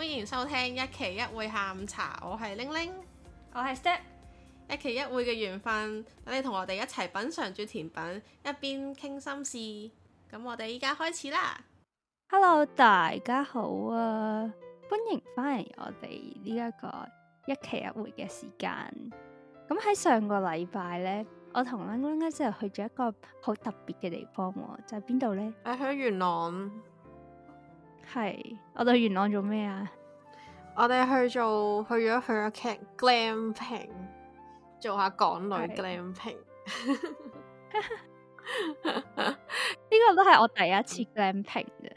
歡迎收聽一期一會下午茶，我係玲玲，我係 Step，一期一會嘅緣分，等你同我哋一齊品嘗住甜品，一邊傾心事。咁我哋依家開始啦。Hello，大家好啊，歡迎翻嚟我哋呢一個一期一會嘅時間。咁喺上個禮拜，就是呢，我同玲玲咧即係去咗一個好特別嘅地方喎，就喺邊度呢？誒，喺元朗。係，我哋元朗做咩啊？我哋去做去咗去個 camp glamping，做下港女 glamping。呢個都係我第一次 glamping 嘅。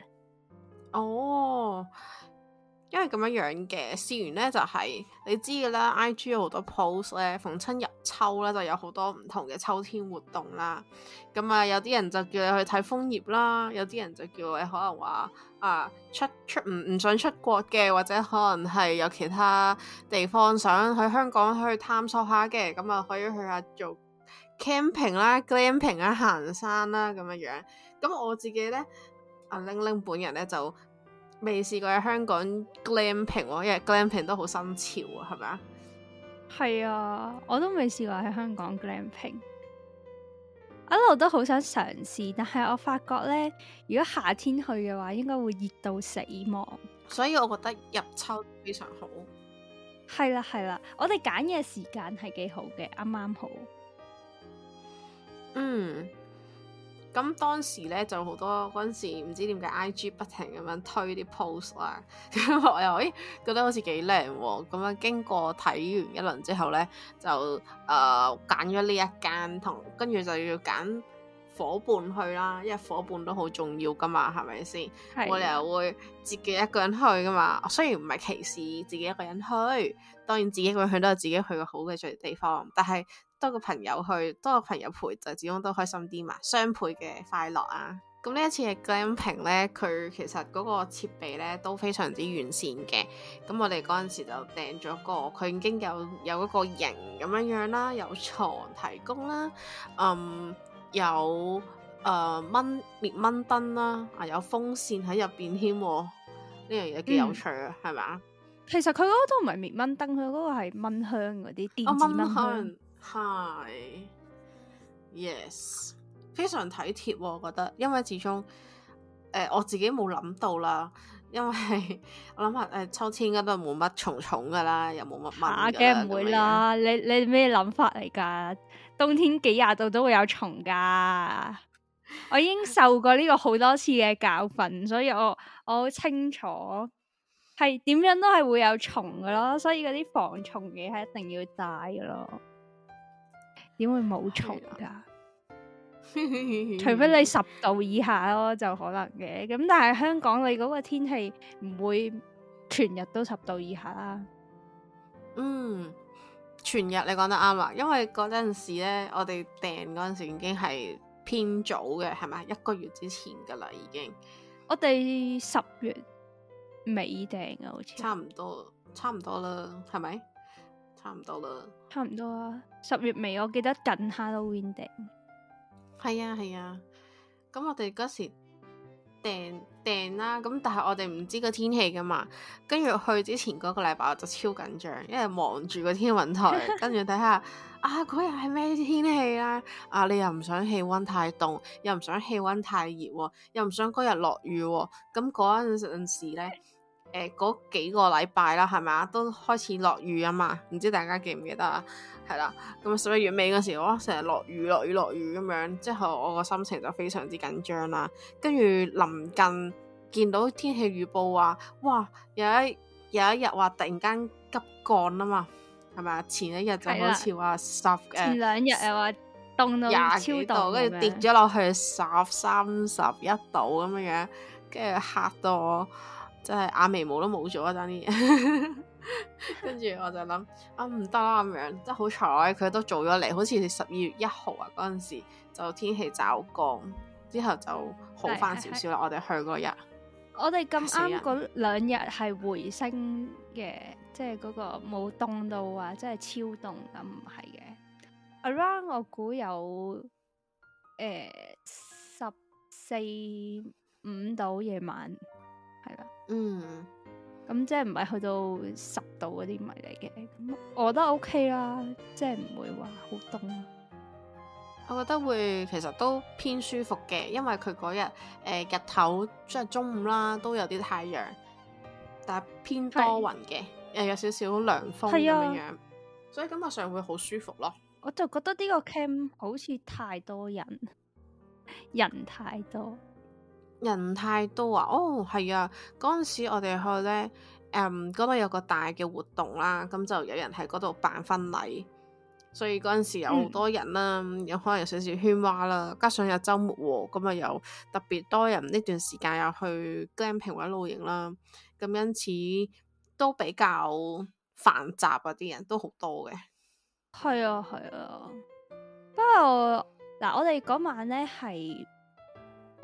哦。因為咁樣樣嘅，試完咧就係、是、你知嘅啦，I G 有好多 post 咧，逢親入秋咧就有好多唔同嘅秋天活動啦。咁啊，有啲人就叫你去睇楓葉啦，有啲人就叫你可能話啊出出唔唔想出國嘅，或者可能係有其他地方想去香港去探索下嘅，咁啊可以去下做 camping 啦、glamping 啦、行山啦咁樣樣。咁我自己咧阿玲玲本人咧就。未試過喺香港 glamping，因為 glamping 都好新潮啊，係咪啊？係啊，我都未試過喺香港 glamping，一路都好想嘗試，但係我發覺呢，如果夏天去嘅話，應該會熱到死亡。所以我覺得入秋非常好。係啦係啦，我哋揀嘅時間係幾好嘅，啱啱好。嗯。咁當時咧就好多嗰陣時唔知點解 IG 不停咁樣推啲 post 啦，咁 我又誒覺得好似幾靚喎。咁樣經過睇完一輪之後咧，就誒揀咗呢一間同跟住就要揀伙伴去啦，因為伙伴都好重要噶嘛，係咪先？的我哋又會自己一個人去噶嘛，雖然唔係歧視自己一個人去，當然自己一個人去都有自己去個好嘅地方，但係。多個朋友去，多個朋友陪就始終都開心啲嘛，雙倍嘅快樂啊！咁呢一次嘅 glamping 咧，佢其實嗰個設備咧都非常之完善嘅。咁我哋嗰陣時就訂咗個，佢已經有有嗰個營咁樣樣啦，有床提供啦，嗯，有誒、呃、蚊滅蚊燈啦，啊有風扇喺入邊添，呢樣嘢幾有趣啊，係嘛、嗯？吧其實佢嗰都唔係滅蚊燈，佢嗰個係蚊香嗰啲電子蚊香。啊蚊香係，yes，非常體貼，啊，我覺得，因為始終誒、呃，我自己冇諗到啦。因為 我諗下誒，秋天應該都冇乜蟲蟲噶啦，又冇乜蚊嘅，唔、啊、會啦。你你咩諗法嚟噶？冬天幾廿度都會有蟲噶。 我已經受過呢個好多次嘅教訓，所以我我好清楚係點樣都係會有蟲噶咯。所以嗰啲防蟲嘢係一定要帶咯。點會冇蟲噶？ 除非你十度以下咯，就可能嘅。咁但係香港你嗰個天氣唔會全日都十度以下啦。嗯，全日你講得啱啦，因為嗰陣時咧，我哋訂嗰陣時已經係偏早嘅，係咪一個月之前噶啦已經？我哋十月尾訂嘅，好似差唔多，差唔多啦，係咪？差唔多啦，差唔多啊！十月尾我記得近下到 windy，係啊，係啊，咁、啊、我哋嗰時訂訂啦，咁但係我哋唔知個天氣噶嘛，跟住去之前嗰個禮拜我就超緊張，因為望住個天文台，跟住睇下 啊嗰日係咩天氣啊，啊你又唔想氣溫太凍，又唔想氣溫太熱，哦，又唔想嗰日落雨，哦，咁嗰陣時咧。誒嗰、欸、幾個禮拜啦，係咪啊？都開始落雨啊嘛，唔知大家記唔記得啊？係啦，咁十一月尾嗰時，我成日落雨，落雨，落雨咁樣，之後我個心情就非常之緊張啦。跟住臨近見到天氣預報話，哇！有一有一日話突然間急降啦嘛，係咪啊？前一日就好似話十嘅，欸、前兩日又話凍到廿幾度，跟住吧跌咗落去十三十一度咁樣樣，跟住嚇到我。真係眼、啊、眉毛都冇咗，真啲。 跟住我就諗啊，唔得啦咁樣。真好彩，佢都做咗嚟。好似十二月一號啊，嗰陣時就天氣驟降之後就好翻少少啦。我哋去嗰日，我哋咁啱嗰兩日係回升嘅，即係嗰個冇凍到啊，即係超凍咁唔係嘅。Around 我估有誒十四五度夜晚，係啦。嗯，咁即係唔係去到十度嗰啲咪嚟嘅，咁我覺得 OK 啦，即係唔會話好凍，我覺得、OK、會、啊、覺得會其實都偏舒服嘅，因為佢嗰日誒日頭即係中午啦都有啲太陽，但係偏多雲嘅，是又有少少涼風咁、啊、樣，所以感覺上會好舒服咯。我就覺得呢個 camp 好似太多人，人太多。人太多啊！哦，係啊，嗰陣時我哋去咧，誒、嗯，嗰度有個大嘅活動啦，咁就有人喺嗰度辦婚禮，所以嗰陣時有好多人啦，嗯、有可能有少少喧嘩啦，加上有周末，咁啊有特別多人呢段時間又去 Glamping 或者露營啦，咁因此都比較繁雜啊，啲人都好多嘅。係啊，係啊，不過嗱，我哋嗰晚咧係。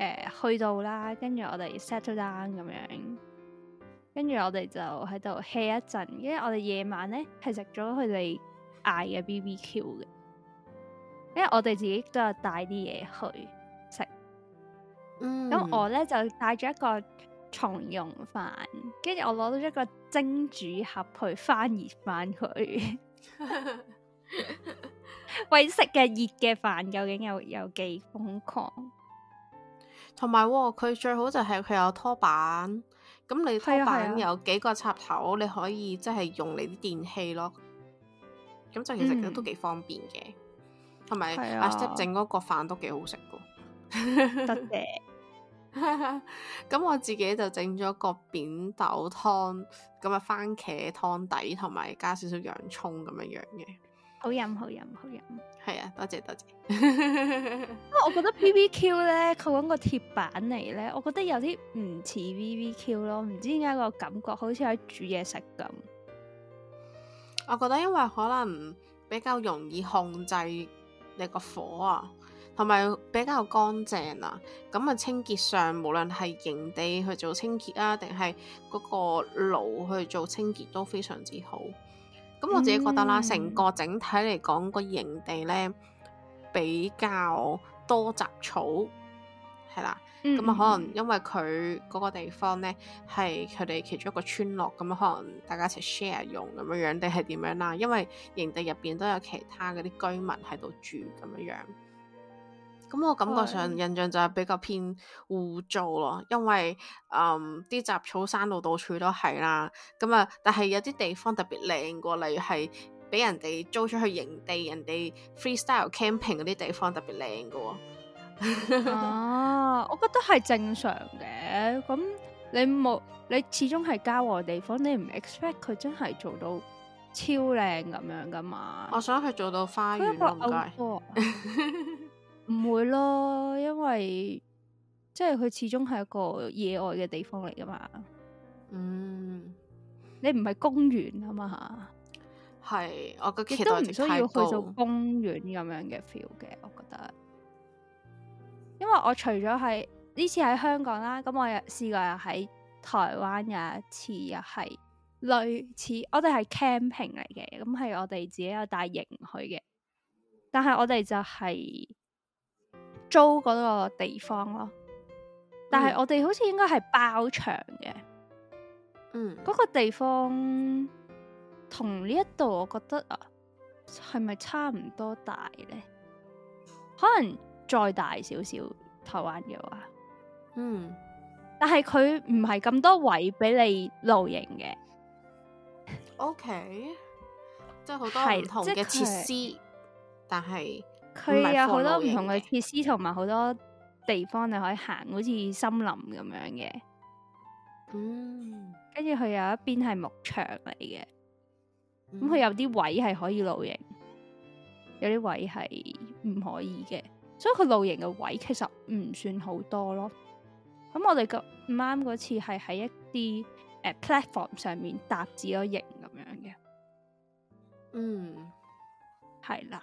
誒、呃，去到啦，跟住我哋 settle down 咁樣，跟住我哋就喺度 hea 一陣，因為我哋夜晚咧係食咗佢哋嗌嘅 BBQ 嘅，因為我哋自己都有帶啲嘢去食，咁、嗯、我咧就帶咗一個松茸飯，跟住我攞到一個蒸煮盒去翻熱翻佢，為食嘅熱嘅飯究竟有有幾瘋狂？同埋喎，佢最好就係佢有拖板，咁你拖板有幾個插頭，啊、你可以即係、就是、用你啲電器咯。咁就其實都幾方便嘅。同埋阿 Step 整嗰個飯都幾好食嘅，多 謝，謝。咁 我自己就整咗個扁豆湯，咁啊番茄湯底，同埋加少少洋葱咁樣樣嘅。好飲好飲好飲，係啊！多謝多謝。不過 我覺得 BBQ 咧，佢嗰個鐵板嚟咧，我覺得有啲唔似 BBQ 咯，唔知點解個感覺好似喺煮嘢食咁。我覺得因為可能比較容易控制你個火啊，同埋比較乾淨啊，咁啊清潔上，無論係營地去做清潔啊，定係嗰個爐去做清潔都非常之好。咁我自己覺得啦，成個整體嚟講，個營地咧比較多雜草，係啦。咁啊，可能因為佢嗰個地方咧係佢哋其中一個村落咁可能大家一齊 share 用咁樣樣，定係點樣啦？因為營地入邊都有其他嗰啲居民喺度住咁樣樣。咁我感覺上是印象就係比較偏污糟咯，因為誒啲、嗯、雜草山路到處都係啦。咁啊，但係有啲地方特別靚嘅、哦，例如係俾人哋租出去營地，人哋 freestyle camping 嗰啲地方特別靚嘅、哦。啊，我覺得係正常嘅。咁你冇，你始終係郊外地方，你唔 expect 佢真係做到超靚咁樣噶嘛？我想佢做到花園咁解。唔會咯，因為即係佢始終係一個野外嘅地方嚟㗎嘛。嗯，你唔係公園啊嘛吓，係我都唔需要去到公園咁樣嘅 feel 嘅，我覺得。因為我除咗喺呢次喺香港啦，咁我又試過又喺台灣有一次又係類似，我哋係 camping 嚟嘅，咁係我哋自己有帶營去嘅，但係我哋就係、是。租嗰個地方咯，但係我哋好似應該係包場嘅，嗯，嗰個地方同呢一度，我覺得啊，係咪差唔多大咧？可能再大少少，台灣嘅話，嗯，但係佢唔係咁多位俾你露營嘅，OK，即係好多唔同嘅設施，但係。佢有好多唔同嘅設施，同埋好多地方你可以行，好似森林咁樣嘅。嗯，嗯，跟住佢有一邊係牧場嚟嘅，咁佢有啲位係可以露營，有啲位係唔可以嘅，所以佢露營嘅位其實唔算好多咯。咁我哋個唔啱嗰次係喺一啲誒 platform 上面搭住咗營咁樣嘅。嗯，係，呃嗯，啦。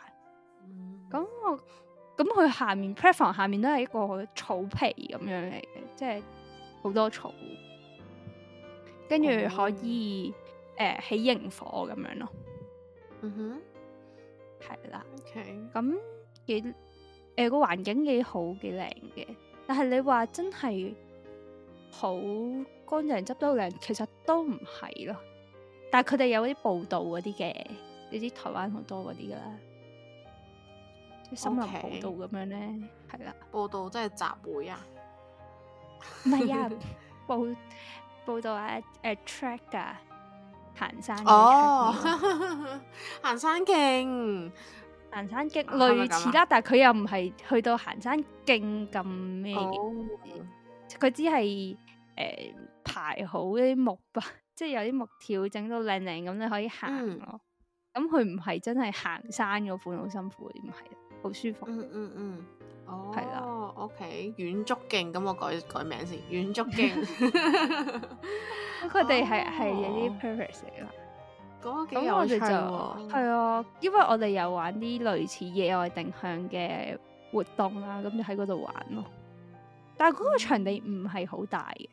咁我咁佢下面 private 房，下面都係一個草皮咁樣嚟嘅，即係好多草，跟住可以誒、oh. 呃、起營火咁樣咯。嗯哼，係啦。OK，咁幾誒個環境幾好幾靚嘅，但係你話真係好乾淨、執得靚，其實都唔係咯。但係佢哋有啲報道嗰啲嘅，你知台灣好多嗰啲噶啦。森林步道咁樣咧，係啦 Okay.、啊。步道即係集會啊？唔係啊，步步道啊，誒、啊、track 噶、er,，行山哦，oh. 行山徑徑，行山徑類似啦、啊，但係佢又唔係去到行山徑咁咩嘅。佢、oh. 只係誒、呃、排好啲木吧，即 係有啲木條整到靚靚咁，你可以行咯、啊。咁佢唔係真係行山嗰款，好辛苦，唔係。好舒服。嗯嗯嗯。哦，係啦了。OK，遠足徑，咁我改改名先，遠足徑。佢哋係係有啲 purpose 嚟噶。講得幾有趣喎。係完啊，因為我哋有玩啲類似野外定向嘅活動啦，咁就喺嗰度玩咯。但係嗰個場地唔係好大嘅。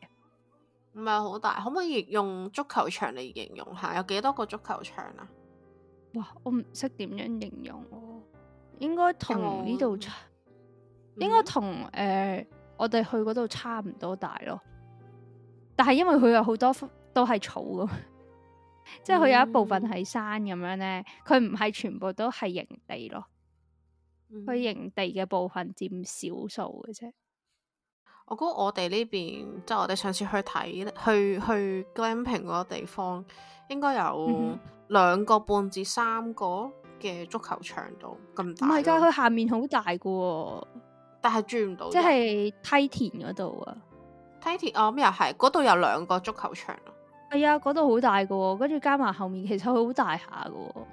唔係好大，可唔可以用足球場嚟形容下？有幾多個足球場啊？哇，我唔識點樣形容。應該同呢度差，應該同誒我哋去嗰度差唔多大咯。但係因為佢有好多都係草咁，即係佢有一部分係山咁樣咧，佢唔係全部都係營地咯。佢營、嗯、地嘅部分佔少數嘅啫。我估我哋呢邊，即、就、係、是，我哋上次去睇去去 Glamping 嗰個地方，應該有兩個半至三個。嗯嘅足球場度咁大，唔係噶，佢下面好大噶，哦，但係轉唔到，即係梯田嗰度啊，梯田哦，咁、嗯、又係，嗰度有兩個足球場，啊哎、咯，係啊，嗰度好大噶，跟住加埋後面，其實佢好大下噶。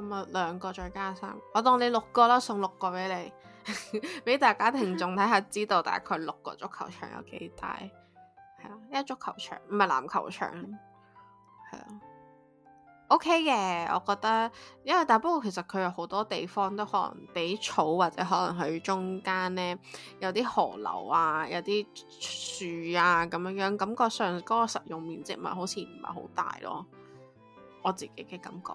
咁啊，兩個再加三，我當你六個啦，送六個俾你，俾 大家聽眾睇下，知道大概六個足球場有幾大，係啊，一個足球場唔係籃球場，係啊。OK 嘅，我覺得，因為大不過其實佢有好多地方都可能比草或者可能佢中間呢有啲河流啊，有啲樹啊咁樣樣，感覺上嗰個實用面積咪好似唔係好大咯，我自己嘅感覺。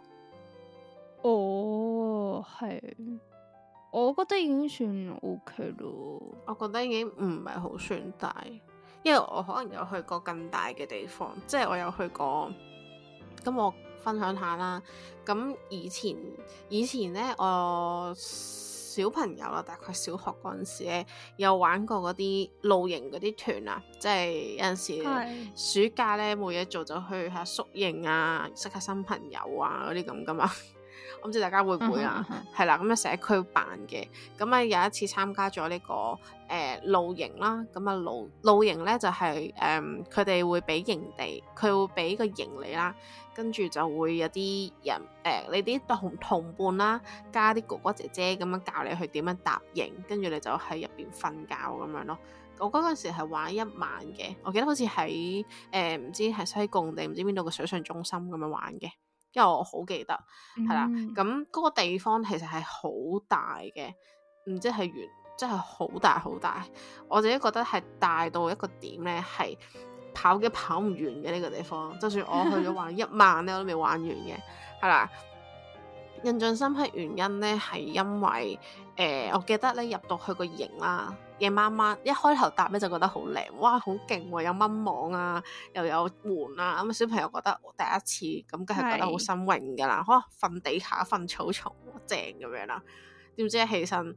哦，係，我覺得已經算 OK 咯。我覺得已經唔係好算大，因為我可能有去過更大嘅地方，即係我有去過咁、嗯、我。分享下啦，咁以前以前咧，我小朋友啦，大概小學嗰陣時咧，有玩過嗰啲露營嗰啲團啊，即係有陣時暑假咧冇嘢做就去下宿營啊，識下新朋友啊嗰啲咁噶嘛。唔知大家會唔會啊，係啦、嗯嗯嗯，咁啊社區辦嘅，咁、嗯、啊有一次參加咗呢、這個誒、呃、露營啦，咁啊露露營咧就係誒佢哋會俾營地，佢會俾個營你啦，跟住就會有啲人誒、呃、你啲同同伴啦，加啲哥哥姐姐咁樣教你去點樣搭營，跟住你就喺入邊瞓覺咁樣咯。我嗰陣時係玩一晚嘅，我記得好似喺誒唔知係西貢定唔知邊度嘅水上中心咁樣玩嘅。因為我好記得，係啦、嗯哼，咁嗰個地方其實係好大嘅，唔知係圓，真係好大好大。我自己覺得係大到一個點呢，係跑嘅跑唔完嘅呢個地方。就算我去咗玩一晚，咧， 我都未玩完嘅，係啦。印象深刻原因呢係因為。誒、呃，我記得咧入到去個營啦、啊，夜晚晚一開頭搭咧就覺得好靚，哇好勁喎，有蚊網啊，又有門啊，咁、嗯、啊小朋友覺得第一次咁梗係覺得好新穎㗎啦，可能瞓是、啊、地下瞓草叢正咁樣啦，點知,知起身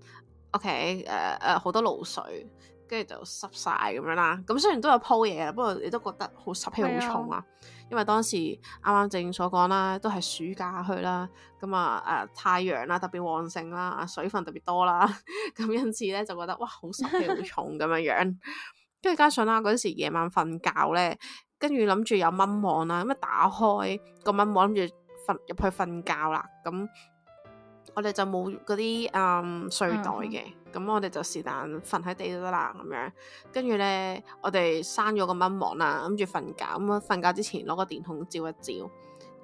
，OK 誒誒好多露水。跟住就濕晒咁樣啦，咁、嗯、雖然都有鋪嘢，不過你都覺得好濕氣好重啊。的因為當時啱啱正所講啦，都係暑假去啦，咁啊誒太陽啦，特別旺盛啦，水分特別多啦，咁 因此咧就覺得哇，好濕氣好重咁樣樣。跟住 加上啦、啊，嗰陣時夜晚瞓覺咧，跟住諗住有蚊網啦，咁啊打開個蚊網，諗住瞓入去瞓覺啦，咁我哋就冇嗰啲誒睡袋嘅。嗯咁我哋就是但瞓喺地都得啦，咁樣跟住咧，我哋閂咗個蚊網啦，諗住瞓覺。咁、嗯、瞓覺之前攞個電筒照一照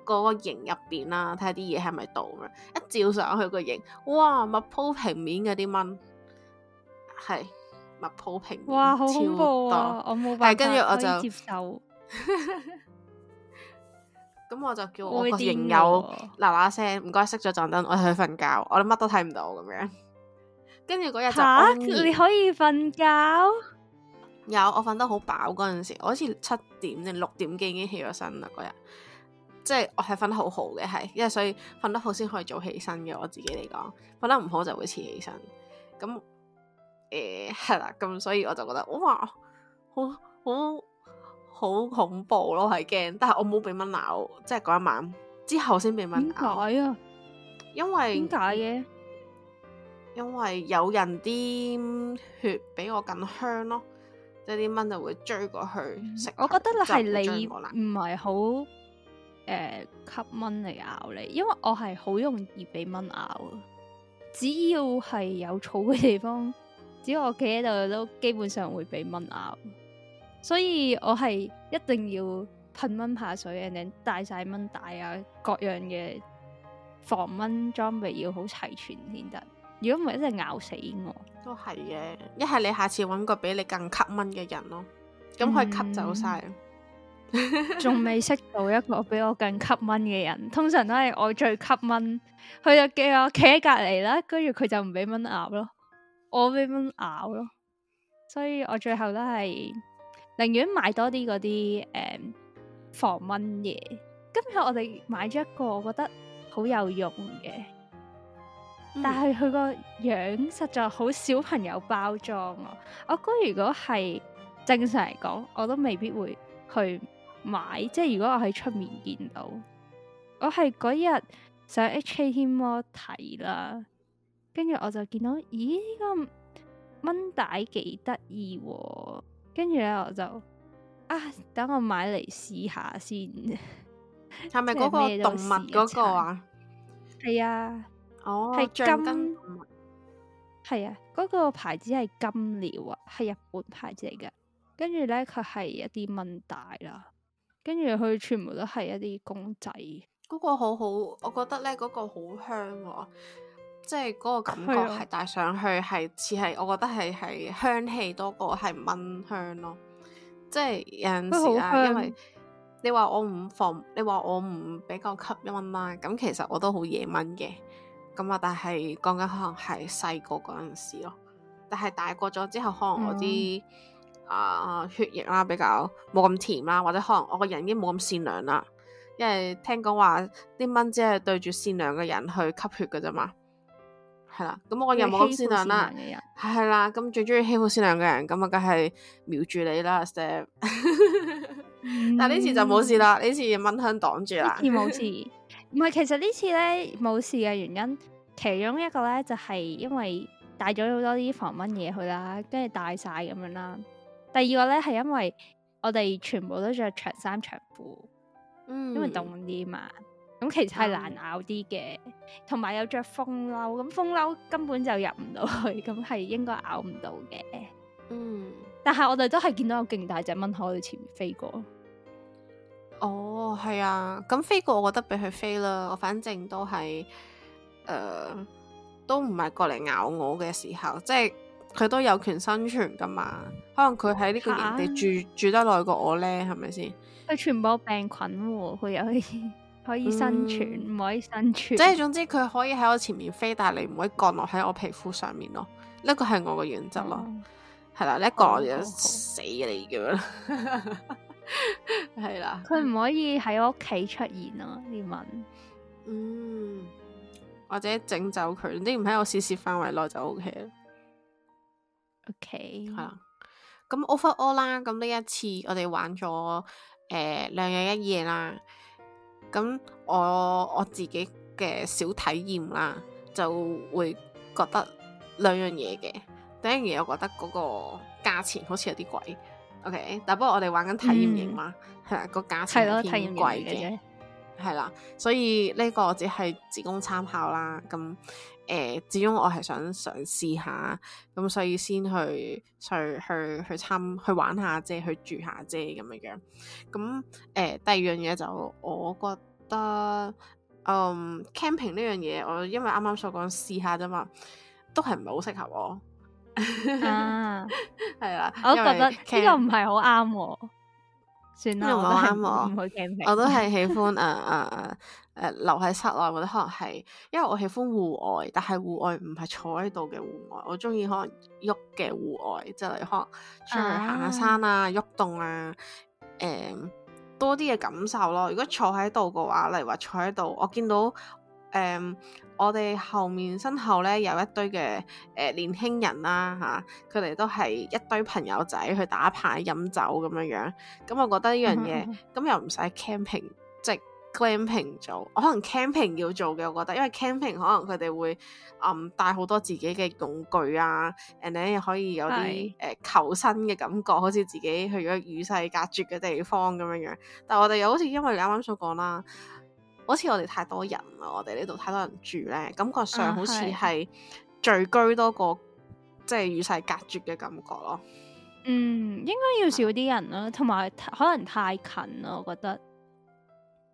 個營入邊啦，睇下啲嘢係咪到咁樣。一照上去個營，哇！密鋪平面嗰啲蚊係密鋪平面，哇，啊、超多。好恐怖啊！我冇辦法跟住我就接受。咁我， 我就叫我個營友嗱嗱聲，唔該熄咗盞燈，我哋去瞓覺，我哋乜都睇唔到咁樣。跟住嗰日就你可以瞓覺，有我瞓得好飽嗰陣時，我好似七點定六點幾已經起咗身啦。嗰日即係我係瞓得好好嘅，係因為所以瞓得好先可以早起身嘅。我自己嚟講，瞓得唔好就會遲起身。咁、嗯、誒係啦，咁、嗯、所以我就覺得哇，好好好，好恐怖咯，係驚。但係我冇俾蚊咬，即係嗰一晚之後先俾蚊咬。點解啊？因為點解嘅？因為有人啲血比我更香咯，即係啲蚊就會追過去食。我覺得係你唔係好誒吸蚊嚟咬你，因為我係好容易俾蚊咬。只要係有草嘅地方，只要我企喺度都基本上會俾蚊咬，所以我係一定要噴蚊怕水，跟住帶晒蚊帶啊，各樣嘅防蚊裝備要好齊全先得。如果唔係，真係咬死我。都係嘅，一係你下次揾個比你更吸蚊嘅人咯，咁佢吸走晒。仲未、嗯、 識到一個比我更吸蚊嘅人，通常都係我最吸蚊。佢就叫我企喺隔籬啦，跟住佢就唔俾蚊咬咯，我俾蚊咬咯。所以我最後都係寧願買多啲嗰啲誒防蚊嘢。今日我哋買咗一個，我覺得好有用嘅。但係佢個樣實在好小朋友包裝啊！我估如果係正常嚟講，我都未必會去買。即係如果我喺出面見到，我係嗰日上 h k 天魔睇啦，跟住我就見到，咦呢、這個蚊帶幾得意，跟住咧我就啊，等我買嚟試下先。係咪嗰個動物嗰、那個、 個啊？係啊。係、哦、金係金啊，嗰、那個牌子係金鳥啊，係日本牌子嚟嘅。跟住呢，佢係一啲蚊帶啦，跟住佢全部都係一啲公仔。嗰個好好，我覺得呢，嗰、那個好香、哦，即係嗰個感覺係戴上去係似係，的是是我覺得係係香氣多過係蚊香咯。即係有陣時啊，因為你話我唔放，你話我唔比較吸一蚊蚊咁，其實我都好夜蚊嘅。咁啊，但係講緊可能係細個嗰陣時咯，但係大個咗之後，可能我啲啊、嗯呃、血液啦比較冇咁甜啦，或者可能我個人已經冇咁善良啦，因為聽講話啲蚊只係對住善良嘅人去吸血噶啫嘛，係啦。咁我個人冇咁善良，善良啦，係啦。咁最中意欺負善良嘅人，咁啊梗係瞄住你啦，Sir。但呢次就冇事啦，呢、嗯、次蚊香擋住啦，冇事。唔係，其實呢次咧冇事嘅原因，其中一個咧就係因為帶咗好多啲防蚊嘢去啦，跟住帶晒咁樣啦。第二個咧係因為我哋全部都着長衫長褲，嗯，因為凍啲嘛。咁其實係難咬啲嘅，同埋、嗯、有着風褸，咁風褸根本就入唔到去，咁係應該咬唔到嘅。嗯，但係我哋都係見到有勁大隻蚊可以前面飛過。哦，係啊，咁飛過我覺得俾佢飛啦，我反正都係，誒、呃，都唔係過嚟咬我嘅時候，即係佢都有權生存㗎嘛，可能佢喺呢個營地住、啊、住得耐過我咧，係咪先？佢傳播病菌、哦，佢又可以可以生存，唔、嗯、可以生存。即係總之佢可以喺我前面飛，但係你唔可以降落喺我皮膚上面咯，呢、這個係我嘅原則咯，係啦、嗯，你、啊這個、降落就死你咁樣。係啦，佢唔可以喺我屋企出現啊，你問，嗯，或者整走佢，你唔喺我視線範圍內就 OK 啦。O K，係啦，咁 overall 啦，咁呢一次我哋玩咗誒兩日一夜啦，咁我我自己嘅小體驗啦，就會覺得兩樣嘢嘅，第一樣嘢我覺得嗰個價錢好似有啲貴。OK，但不過我哋玩緊體驗型嘛，係、嗯、啊、個價錢都偏貴嘅，係啦，所以呢個只係只供參考啦。咁誒、呃，始終我係想嘗試下，咁所以先去去去去參去玩下啫，去住下啫咁樣樣。咁誒、呃、第二樣嘢就我覺得，嗯 camping 呢樣嘢，我因為啱啱所講試下啫嘛，都係唔係好適合我。 啊，係啦 了，我覺得呢個唔係好啱，算啦了，唔好啱我，我都係喜歡誒誒誒留喺室內，或者可能係因為我喜歡戶外，但係戶外唔係坐喺度嘅戶外，我中意可能喐嘅戶外，即係例如可能出去行下山啊，喐、啊、動，動啊，誒、嗯、多啲嘅感受咯。如果坐喺度嘅話，例如話坐喺度，我見到。誒，um, 我哋後面身後咧有一堆嘅誒、呃、年輕人啦、啊，嚇、啊，佢哋都係一堆朋友仔去打牌、飲酒咁樣樣。咁我覺得呢樣嘢，咁、嗯哼嗯、又唔使 camping，即 glamping 做。我可能 camping 要做嘅，我覺得，因為 camping 可能佢哋會嗯帶好多自己嘅用具啊，and 咧可以有啲誒求生嘅感覺，好似自己去咗與世隔絕嘅地方咁樣樣。但係我哋又好似因為你啱啱所講啦。好似我哋太多人啦，我哋呢度太多人住咧，感覺上好似係聚居多過即係與世隔絕嘅感覺咯。嗯，應該要少啲人啦，同埋、嗯、可能太近啦，我覺得。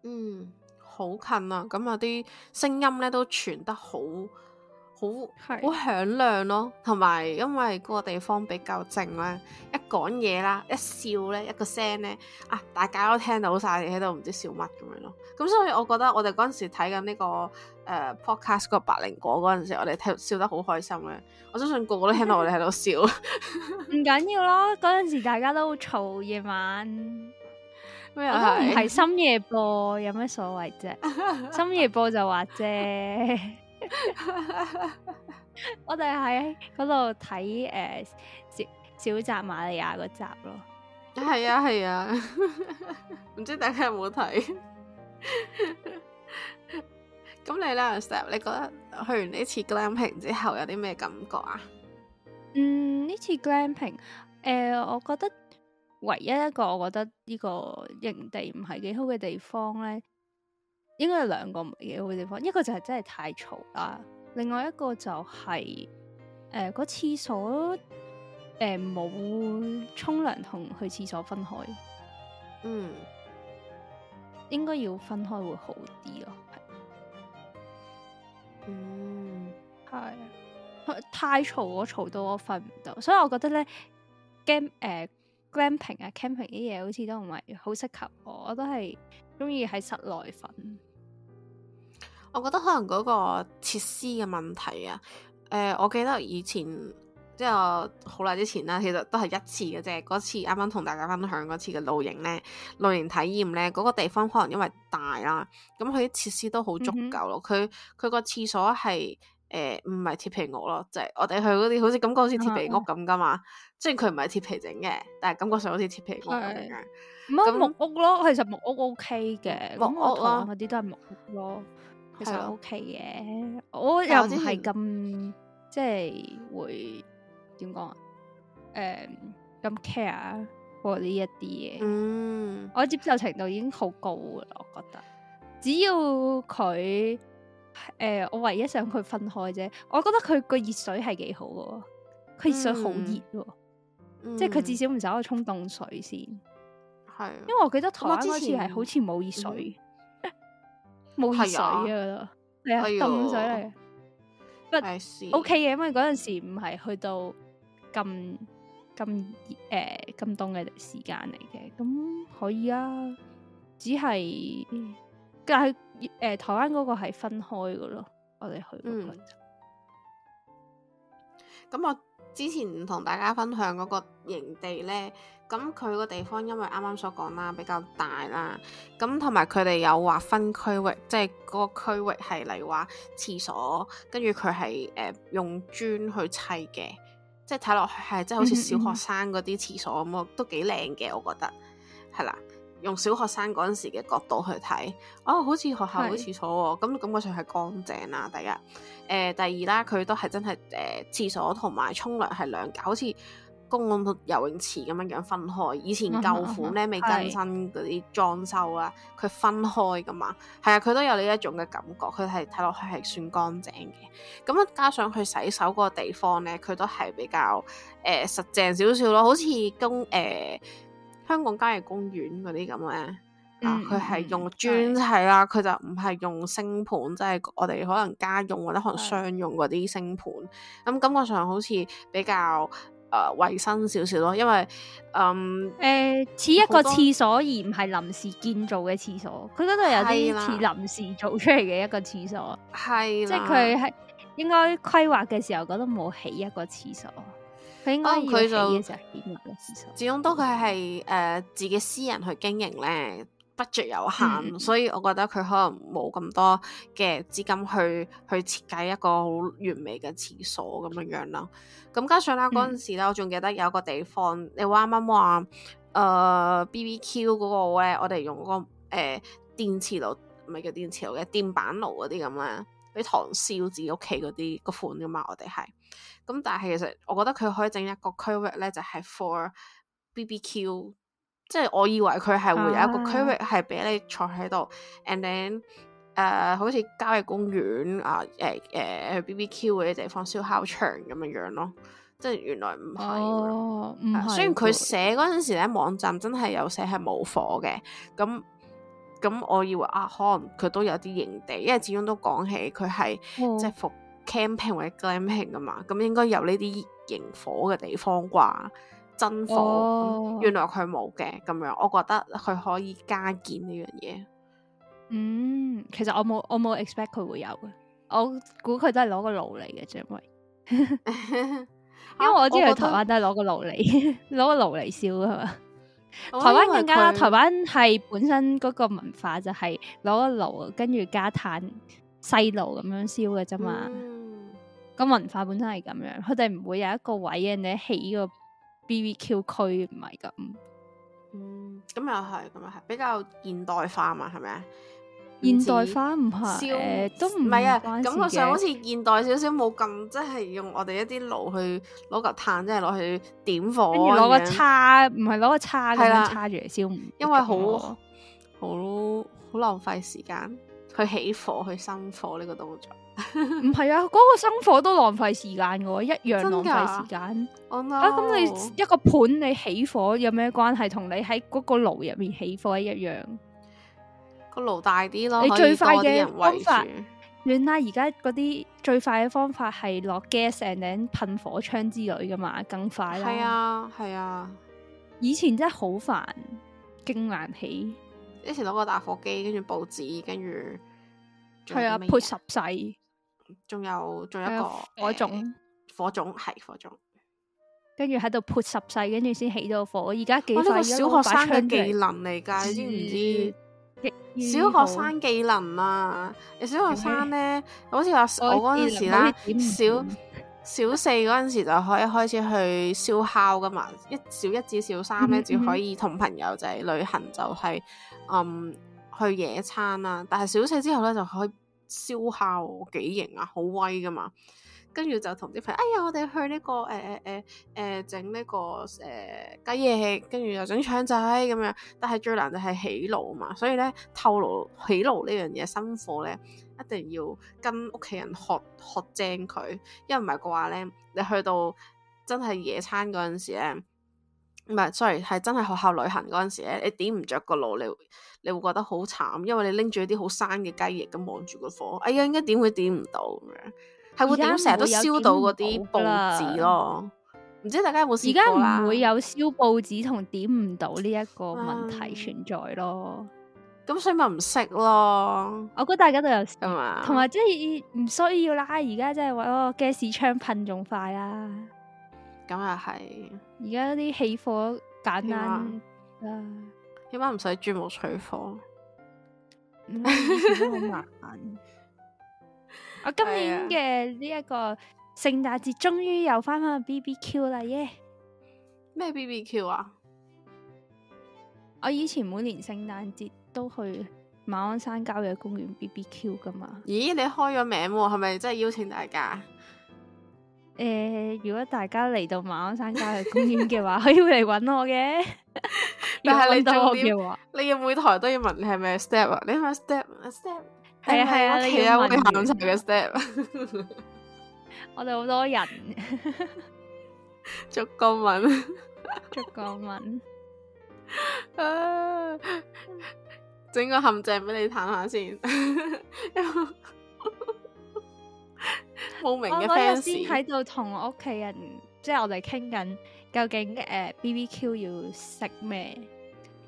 嗯，好近啊！咁有啲聲音咧都傳得好好好響亮咯，同埋因為嗰個地方比較靜咧，一講嘢啦，一笑咧，一個聲咧啊，大家都聽到晒。你喺度唔知，知笑乜咁樣咯。咁、嗯、所以我覺得我哋嗰陣時睇緊呢個誒、呃、podcast 個百靈果嗰陣時，我哋睇笑得好開心咧。我相信個個都聽到我哋喺度笑。唔緊要咯，嗰陣時大家都好嘈，夜晚咩啊，係深夜播，有咩所謂啫？ 深夜播就話啫。 我哋喺嗰度睇誒小小澤瑪利亞嗰集咯，係啊係啊，唔知，不知大家有冇睇？ 咁你咧 s t 你覺得去完呢次 glamping 之後有啲咩感覺啊？嗯，呢次 glamping，誒、呃，我覺得唯一一個我覺得呢個營地唔係幾好嘅地方咧。應該有兩個唔係幾好嘅地方，一個就係真係太嘈啦，另外一個就係誒個廁所誒冇沖涼同去廁所分開，嗯，應該要分開會好啲咯。嗯，係是太嘈，我嘈到我瞓唔到，所以我覺得咧 game 誒、呃、Glamping 啊 Camping 啲嘢好似都唔係好適合我，我都係中意喺室內瞓。我覺得可能嗰個設施嘅問題啊，誒、呃，我記得以前即係好耐之前啦，其實都係一次嘅啫。嗰次啱啱同大家分享嗰次嘅露營咧，露營體驗咧，嗰、那個地方可能因為大啦，咁佢啲設施都好足夠咯。佢佢個廁所係誒唔係鐵皮屋咯，即、就、係、是、我哋去嗰啲好似感覺好似鐵皮屋咁㗎嘛。的雖然佢唔係鐵皮整嘅，但係感覺上好似鐵皮屋咁嘅。咁的那木屋咯，其實木屋 OK 嘅，木屋啊嗰啲都係木屋咯。其實 OK 嘅，我又唔係咁即係會點講啊？誒、um，咁 care 過呢一啲嘢。嗯，我接受程度已經好高噶啦，我覺得只要佢誒、呃，我唯一想佢分開啫。我覺得佢個熱水係幾好嘅，佢熱水好熱嘅，嗯、即係佢至少唔使我沖凍水先。係、啊，因為我記得台灣好似係好似冇熱水。冇熱水啊！係啊、哎呦，凍水嚟，不過 OK 嘅，因為嗰陣時唔係去到咁咁熱咁凍嘅時間嚟嘅，咁可以啊。只係但係誒、呃，台灣嗰個係分開㗎咯，我哋去咁、嗯、我。之前唔同大家分享嗰個營地呢，咁佢個地方因為啱啱所講啦，比較大啦，咁同埋佢哋有劃分區域，即係嗰個區域係嚟話廁所，跟住佢係誒用磚去砌嘅，即係睇落去係即係好似小學生嗰啲廁所咁 都幾靚嘅，我覺得係啦。用小學生嗰陣時嘅角度去睇，啊、哦，好似學校啲廁所咁、哦，是感覺上係乾淨啦、啊。第一，誒、呃、第二啦，佢都係真係誒、呃、廁所同埋沖涼係兩間，好似公共游泳池咁樣樣分開。以前舊款咧未更新嗰啲裝修啊，佢 是分開噶嘛。係啊，佢都有呢一種嘅感覺，佢係睇落去係算乾淨嘅。咁加上佢洗手嗰個地方咧，佢都係比較誒、呃、實淨少少咯，好似公誒。呃香港嘉怡公園嗰啲咁咧，嗯、啊，佢係用磚砌啦，佢對就唔係用星盤，即、就、係、是、我哋可能家用或者可能商用嗰啲星盤，咁對、嗯、感覺上好似比較誒衛、呃、生少少咯，因為嗯誒似、呃、一個廁所而唔係臨時建造嘅廁所，佢嗰度有啲似臨時做出嚟嘅一個廁所，係啦即係佢係應該規劃嘅時候，嗰度冇起一個廁所。可能佢就看看始終都佢係誒自己私人去經營咧，budget 有限，嗯、所以我覺得佢可能冇咁多嘅資金去去設計一個好完美嘅廁所咁樣樣啦。咁加上啦，嗰陣、嗯、時咧，我仲記得有個地方，你啱啱話誒 B B Q 嗰個咧，我哋用個誒、呃、電磁爐，唔係叫電磁爐嘅電板爐嗰啲咁咧，俾堂燒自己屋企嗰啲個款噶嘛，我哋係。咁、嗯、但係其實我覺得佢可以整一個區域咧，就係、是、for B B Q，即係我以為佢係會有一個區域係俾你坐喺度，and then 誒、uh，好似郊野公園啊，誒誒 B B Q 嘅地方燒烤場咁樣樣咯。即係原來唔係，唔係、哦。雖然佢寫嗰陣時咧，網站真係有寫係冇火嘅，咁咁我以為啊，可能佢都有啲營地，因為始終都講起佢，係、哦、即係服。Camping 或者 glamping 噶嘛，咁、嗯、應該有呢啲營火嘅地方啩，真火。Oh. 原來佢冇嘅咁樣，我覺得佢可以加建呢樣嘢。嗯，其實我冇我冇 expect 佢會有嘅，我估佢都係攞個爐嚟嘅，因 為因為我知佢、 啊、台灣都係攞個爐嚟攞 個爐嚟燒啊嘛。台灣更加，台灣係本身嗰個文化就係攞個爐跟住加炭細爐咁樣燒嘅啫嘛。嗯個文化本身係咁樣，佢哋唔會有一個位人哋起個 BBQ 區，唔係咁。嗯，咁又係，咁又係比較現代化嘛，係咪啊？現代化唔係燒都唔係啊，感覺上好似現代少少冇咁，即係用我哋一啲爐去攞嚿炭，即係攞去點火，跟住攞個叉，唔係攞個叉，係啦，叉住嚟燒。因為好好好浪費時間去起火、去生火呢個動作。唔係 啊，嗰、那個生火都浪費時間噶，一樣浪費時間。Oh no. 啊，咁、嗯、你一個盤你起火有咩關係？同你喺嗰個爐入面起火一樣。個爐大啲咯，你最快嘅方法。原來而家嗰啲最快嘅方法係落 gas and 噴火槍之類噶嘛，更快啦。係啊，係啊。以前真係好煩，驚難起。以前攞個打火機，跟住報紙，跟住係啊，潑十世。仲有仲有一個、呃、火種，火種係火種，火種跟住喺度潑十世，跟住先起到火。而家呢個小學生嘅技能嚟噶，哦、你知唔知？嗯嗯嗯、小學生技能啊，小學生咧，嗯嗯、好似話、嗯、我嗰陣時啦、嗯，小小四嗰陣時就可以開始去燒烤噶嘛， 一小一至小三咧就、嗯嗯、可以同朋友就係旅行、就是，就係嗯去野餐啦。但係小四之後咧就可以。燒烤幾、哦、型啊，好威噶嘛！跟住就同啲朋友，哎呀，我哋去呢、這個誒誒誒誒整呢個誒雞翼，跟住又整腸仔咁樣。但係最難就係起爐啊嘛，所以咧，透露起爐呢樣嘢，辛苦咧一定要跟屋企人學學精佢，因為唔係嘅話咧，你去到真係野餐嗰陣時咧。唔係，sorry，係真係學校旅行嗰陣時咧，你點唔着個爐，你會你會覺得好慘，因為你拎住啲好生嘅雞翼咁望住個火，哎呀，應該點會點唔到咁樣？係會點成日都燒到嗰啲報紙咯？唔知大家有冇試過而家唔會有燒報紙同、啊、點唔到呢一個問題存在咯。咁、啊、所以咪唔識咯？我估大家都有，係嘛嗎？同埋即係唔需要啦。而家即係話嗰個 gas 槍噴仲快啦、啊。咁又係。而家啲起火簡單啊，起碼唔使鑽木取火，好難。我今年嘅呢一個聖誕節終於又翻返 B B Q 啦，耶、yeah！咩 B B Q 啊？我以前每年聖誕節都去馬鞍山郊野公園 B B Q 噶嘛。咦？你開咗名喎，係咪真係邀請大家？誒、呃，如果大家嚟到馬鞍山郊野公園嘅話， 可以嚟搵我嘅。 但係你做嘅 你要每台都要問係咪 step 啊？你係咪 step step，係啊係啊，你要問下嘅 step。 我哋好多人， 逐個問， 逐個問。整、 啊、個陷阱俾你探下先。 我嗰日先喺度同我屋企人，即係我哋傾緊究竟誒、呃、B B Q 要食咩？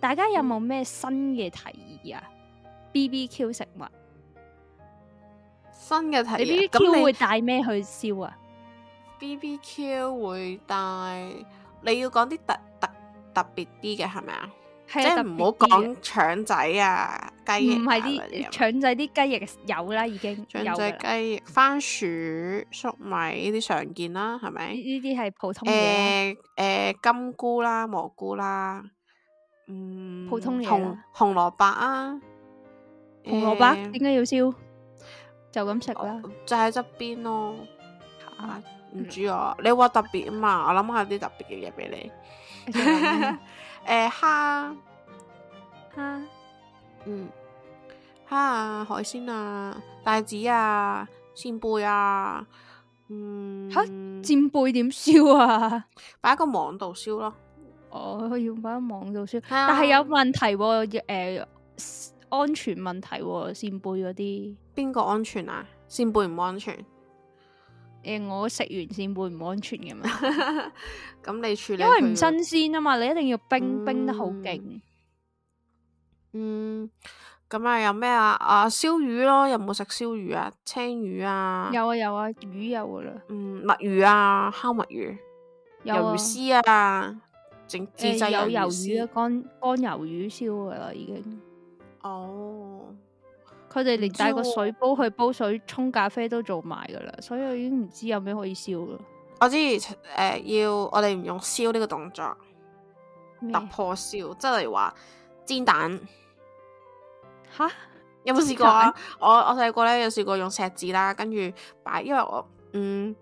大家有冇咩新嘅提議啊？BBQ 提議？B B Q 食物你，新嘅提議 BBQ 咁你會帶咩去燒啊？B B Q 會帶，你要講啲特特特別啲嘅係咪啊？是即係唔好講腸仔啊，雞唔係啲腸仔啲雞翼有啦，已經有。腸仔雞翼、番薯、粟米呢啲常見啦，係咪？呢啲係普通嘢。誒誒、欸，金、欸、菇啦，蘑菇啦，嗯，普通嘢。紅紅蘿蔔啊，紅蘿蔔點解、欸、要燒？就咁食啦，就喺側邊咯。唔、嗯、知啊，嗯、你話特別啊嘛，我諗下啲特別嘅嘢俾你。 誒，蝦、呃，蝦，嗯哈，蝦啊，海鮮啊，帶子啊，扇貝啊，嗯，吓，扇貝點燒啊？擺個網度燒咯。哦，要擺個網度燒，啊、但係有問題喎、啊，誒、呃，安全問題喎、啊，扇貝嗰啲。邊個安全啊？扇貝唔安全？誒、欸，我食完先會唔安全嘅嘛？咁 你處理因為唔新鮮啊嘛，你一定要冰、嗯、冰得好勁。嗯，咁啊，有咩啊？啊，燒魚咯，有冇食燒魚啊？青魚啊？有啊，有啊，魚有噶啦。嗯，墨魚啊，烤墨魚，魷魚絲啊，整、啊、自製魷魚絲、欸。有魷魚啊乾乾魷魚燒噶啦，已經。哦。Oh. 佢哋連帶個水煲去煲水沖咖啡都做埋噶啦，所以我已經唔知有咩可以燒啦。我之前、呃、要我哋唔用燒呢個動作，麼突破燒，即係例如話煎蛋。吓哈？有冇沒試過啊？我我細個咧有試過用錫紙啦，跟住擺，因為我嗯。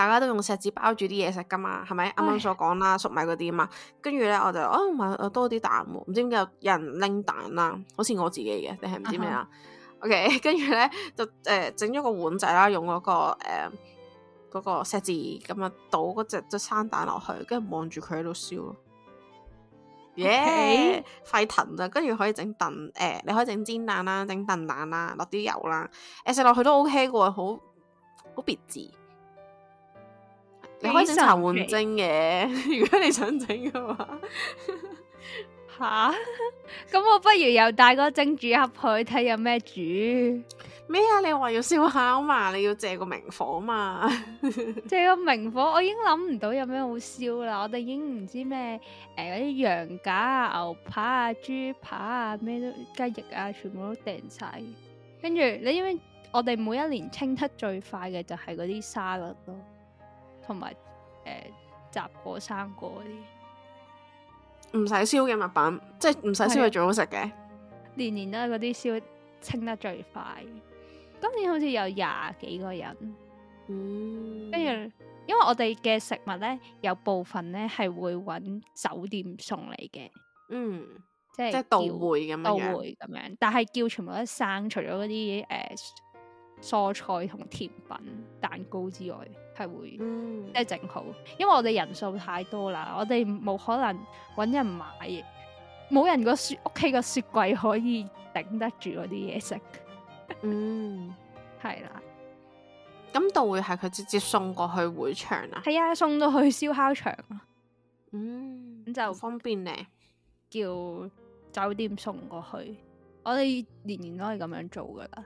大家都用錫紙包住啲嘢食噶嘛，係咪？啱啱所講啦，粟喂米嗰啲啊嘛，跟住咧我就哦，咪、啊啊、多啲蛋喎，唔知點解有人拎蛋啦，好似我自己嘅定係唔知咩啦。啊、哼 OK，跟住咧就誒整咗個碗仔啦，用嗰、那個誒嗰、呃那個錫紙咁啊，倒嗰隻生蛋落去，跟住望住佢喺度燒咯，耶！Yeah, Okay. 沸騰咋，跟住可以整燉誒，你可以整煎蛋啦，整燉蛋啦，落啲油啦，誒食落去都 OK 嘅喎，好好別緻。你可以整茶碗蒸嘅，如果你想整嘅話，吓 哈，咁 我不如又帶個蒸煮盒去睇有咩煮。咩啊？你話要燒烤嘛？你要借個明火嘛？ 借個明火，我已經諗唔到有咩好燒啦。我哋已經唔知咩誒嗰啲羊架啊、牛扒啊、豬扒啊咩都雞翼啊，全部都訂晒。跟住你知唔知？我哋每一年清得最快嘅就係嗰啲沙律咯。同埋誒，雜果、呃、生果嗰啲，唔使燒嘅物品，即係唔使燒係最好食嘅。年年都係，嗰啲燒清得最快。今年好似有廿幾個人。嗯，跟住，因為我哋嘅食物咧，有部分咧係會揾酒店送嚟嘅。嗯，即係即係到會咁樣，到會咁樣，但係叫全部都生，除咗嗰啲誒蔬菜同甜品蛋糕之外，係會，即係正好，因為我哋人數太多、嗯、 啦，我哋冇可能搵人買嘢，冇人個雪屋企個雪櫃可以頂得住嗰啲嘢食。嗯，係啦。咁道會係佢直接送過去會場啊？係啊，送到去燒烤場啊。嗯，咁就方便咧，叫酒店送過去。我哋年年都係咁樣做噶啦。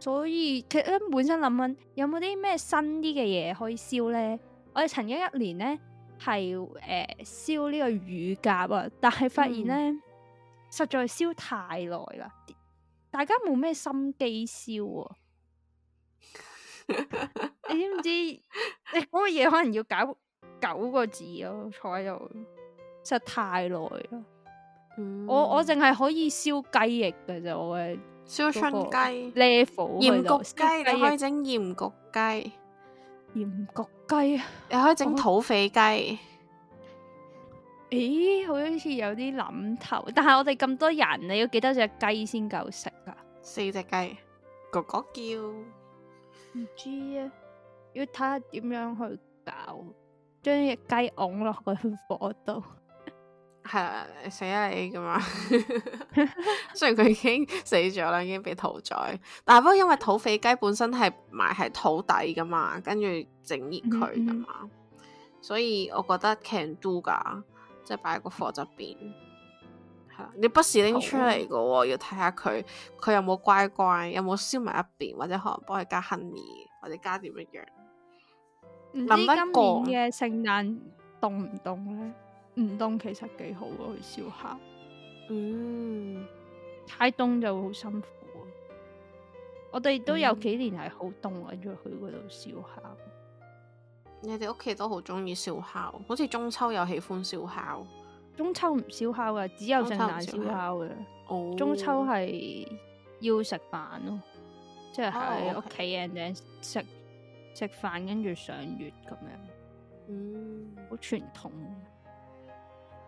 所以其實本身諗緊有冇啲咩新啲嘅嘢可以燒咧？我哋曾經一年咧係誒燒呢、呃、個乳鴿啊，但係發現咧、嗯、實在燒太耐啦，大家冇咩心機燒啊！ 你知唔知 你嗰個嘢可能要搞九個字咯、啊，坐喺度實在太耐咯、嗯。我我淨係可以燒雞翼嘅啫我嘅。燒春雞、level 鹽焗雞，你可以整鹽焗雞、鹽焗雞，你可以整土匪雞。咦，好似有啲諗頭，但係我哋咁多人，你要幾多隻雞先夠食啊？四隻雞，咕咕叫，唔知啊，要睇下點樣去搞，將隻雞㧬落去火度。係啊，死啦你噶嘛！ 雖然佢已經死咗啦，已經被屠宰，但係不過因為土匪雞本身係埋喺土底噶嘛，跟住整熱佢噶嘛，嗯嗯，所以我覺得 can do 噶，即係擺喺個火側邊。係啦，嗯，你不時拎出嚟個，要睇下佢佢有冇乖乖，有冇燒埋一邊，或者可能幫佢加 honey，或者加點乜嘢。唔知今年嘅聖誕凍唔凍咧？唔凍其實幾好啊，去燒烤，嗯，太凍就好辛苦。我哋都有幾年係好凍啊。跟住、嗯、去嗰度燒烤。你哋屋企都好中意燒烤，好似中秋又喜歡燒烤？中秋唔燒烤啊，只有聖誕燒烤嘅。烤就是、哦，中秋係要食飯咯，即係喺屋企人哋食食飯跟住賞月咁樣，嗯，好傳統。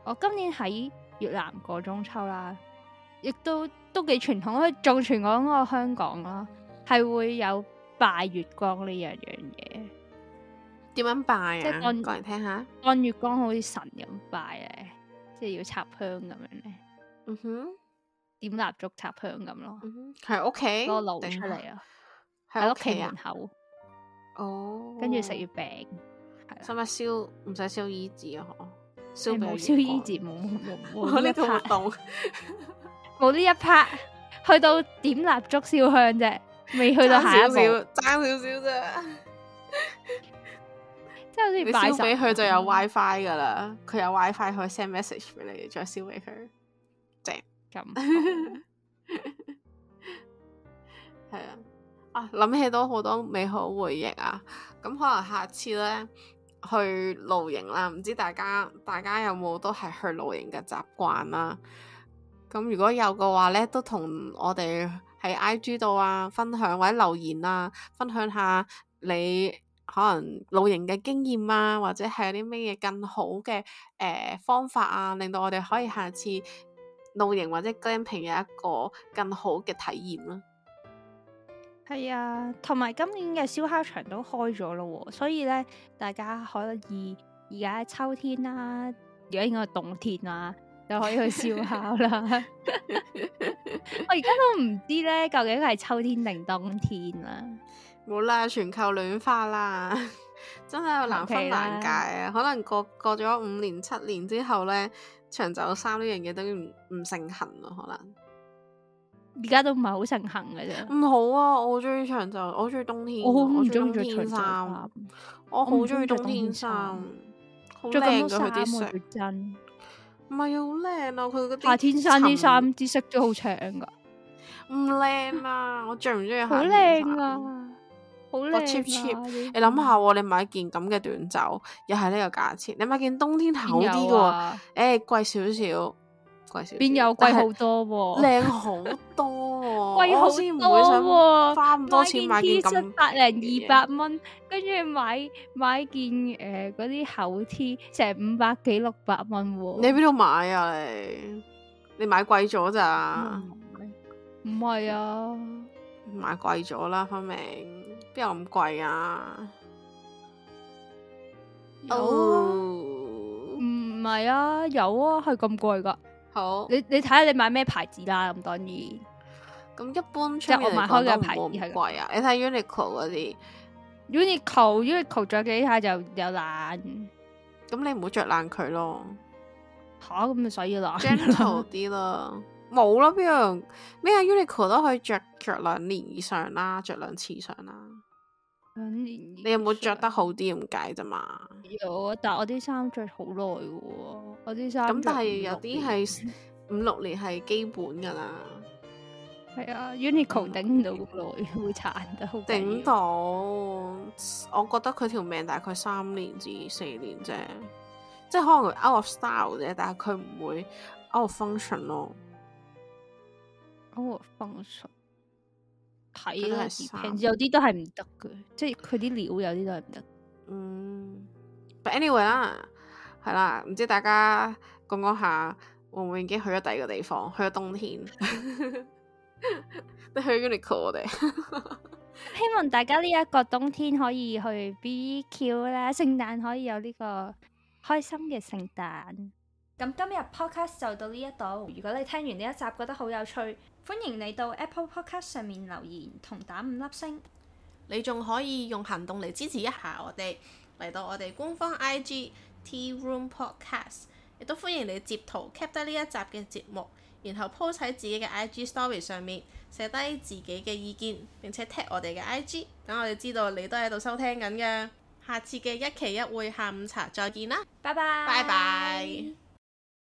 我今年喺越南過中秋啦，亦都都幾傳統，因為仲傳講過香港咯，係會有拜月光呢樣樣嘢。點樣拜啊？即係講嚟聽下，當月光好似神咁拜啊，即係要插香咁樣咧。嗯哼，點蠟燭插香咁咯。喺屋企個樓頂出嚟啊，喺屋企門口。哦，跟住食月餅，係啊，使咪燒唔使燒衣紙啊？嗬。冇燒衣節，冇冇冇呢個活動，冇呢一 part， 去到點蠟燭燒香啫，未去到下一步，爭少少啫。即係你燒俾佢就有 WiFi 噶啦，佢有 WiFi 可以 send message 俾你，再燒俾佢，正咁。係動、 嗯、啊，啊諗起都好多美好回憶啊，咁可能下次咧。去露營啦，唔知大家大家有冇都係去露營嘅習慣啦？咁如果有嘅話咧，都同我哋喺 IG 度啊分享或者留言啊，分享下你可能露營嘅經驗啊，或者係有啲咩嘢更好嘅誒、呃、方法啊，令到我哋可以下次露營或者 glamping 有一個更好嘅體驗啦。係啊，同埋今年嘅燒烤場都開咗咯，所以咧大家可以而家秋天啦，而家應該係冬天啊，就可以去燒烤啦。 我而家都唔知咧，究竟係秋天定冬天啊？冇啦，全球暖化啦， 真係難分難解啊！Okay、啦可能過過咗五年七年之後咧，長袖衫呢樣嘢都唔唔盛行啊，可能。而家都唔係好盛行嘅啫，唔好啊！我中意長袖，我中意冬天，我好中意穿衫，我好中意冬天衫，好着咁多衫佢啲水真唔係好靚啊！佢嗰啲夏天啲衫啲色都好長噶，唔靚啊，我最唔中意夏天啊，好靚啊，好 cheap cheap！你諗下，你買件咁嘅短袖，又係呢個價錢，你買件冬天厚啲嘅，誒貴少少。邊有貴好多，靚好多，貴好多，花唔多錢買件 T 恤咁百零二百蚊，跟住買買件誒嗰啲厚 T，成五百幾六百蚊。你喺邊度買啊？你你買貴咗咋？唔係啊，買貴咗啦，分明邊有咁貴啊？有唔係啊？有啊，係咁貴噶。好，你你睇下你買咩牌子啦，咁當然。咁一般即係我買開嘅牌子係貴啊，的你睇 Uniqlo 嗰啲，Uniqlo Uniqlo 着幾下就有爛，咁你唔好着爛佢咯，吓咁啊使以咯，gentle 啲咯，冇 啦邊樣咩啊 Uniqlo 都可以着着兩年以上啦，着兩次上啦。你有冇着得好啲咁解咋嘛？有，有啊。但係我啲衫着好耐喎，我啲衫咁但係有啲係五六年係基本噶啦。係啊，Uniqlo 頂唔到咁耐會殘得好頂到。我覺得佢條命大概三年至四年啫，即係可能佢 out of style 啫，但係佢唔會 out of function 咯。out of function。睇啦，有啲都係唔得嘅，即係佢啲料有啲都係唔得。嗯，但係 anyway 啦，係啦，唔知大家講講下會唔會已經去咗第二個地方，去咗冬天，你去 Uniqlo 我哋。希望大家呢一個冬天可以去 BBQ 啦，聖誕可以有呢個開心嘅聖誕。咁今日 podcast 就到呢一度，如果你聽完呢一集覺得好有趣，歡迎你到 Apple Podcast 上面留言同打五粒星，你仲可以用行動嚟支持一下我哋。嚟到我哋官方 IG Tea Room Podcast，亦都歡迎你截圖 cap 低呢一集嘅節目，然後 post 喺自己嘅 IG Story 上面，寫低自己嘅意見，並且 tag 我哋嘅 IG，等我哋知道你都喺度收聽緊嘅。下次嘅一期一會下午茶再見啦，拜拜，拜拜。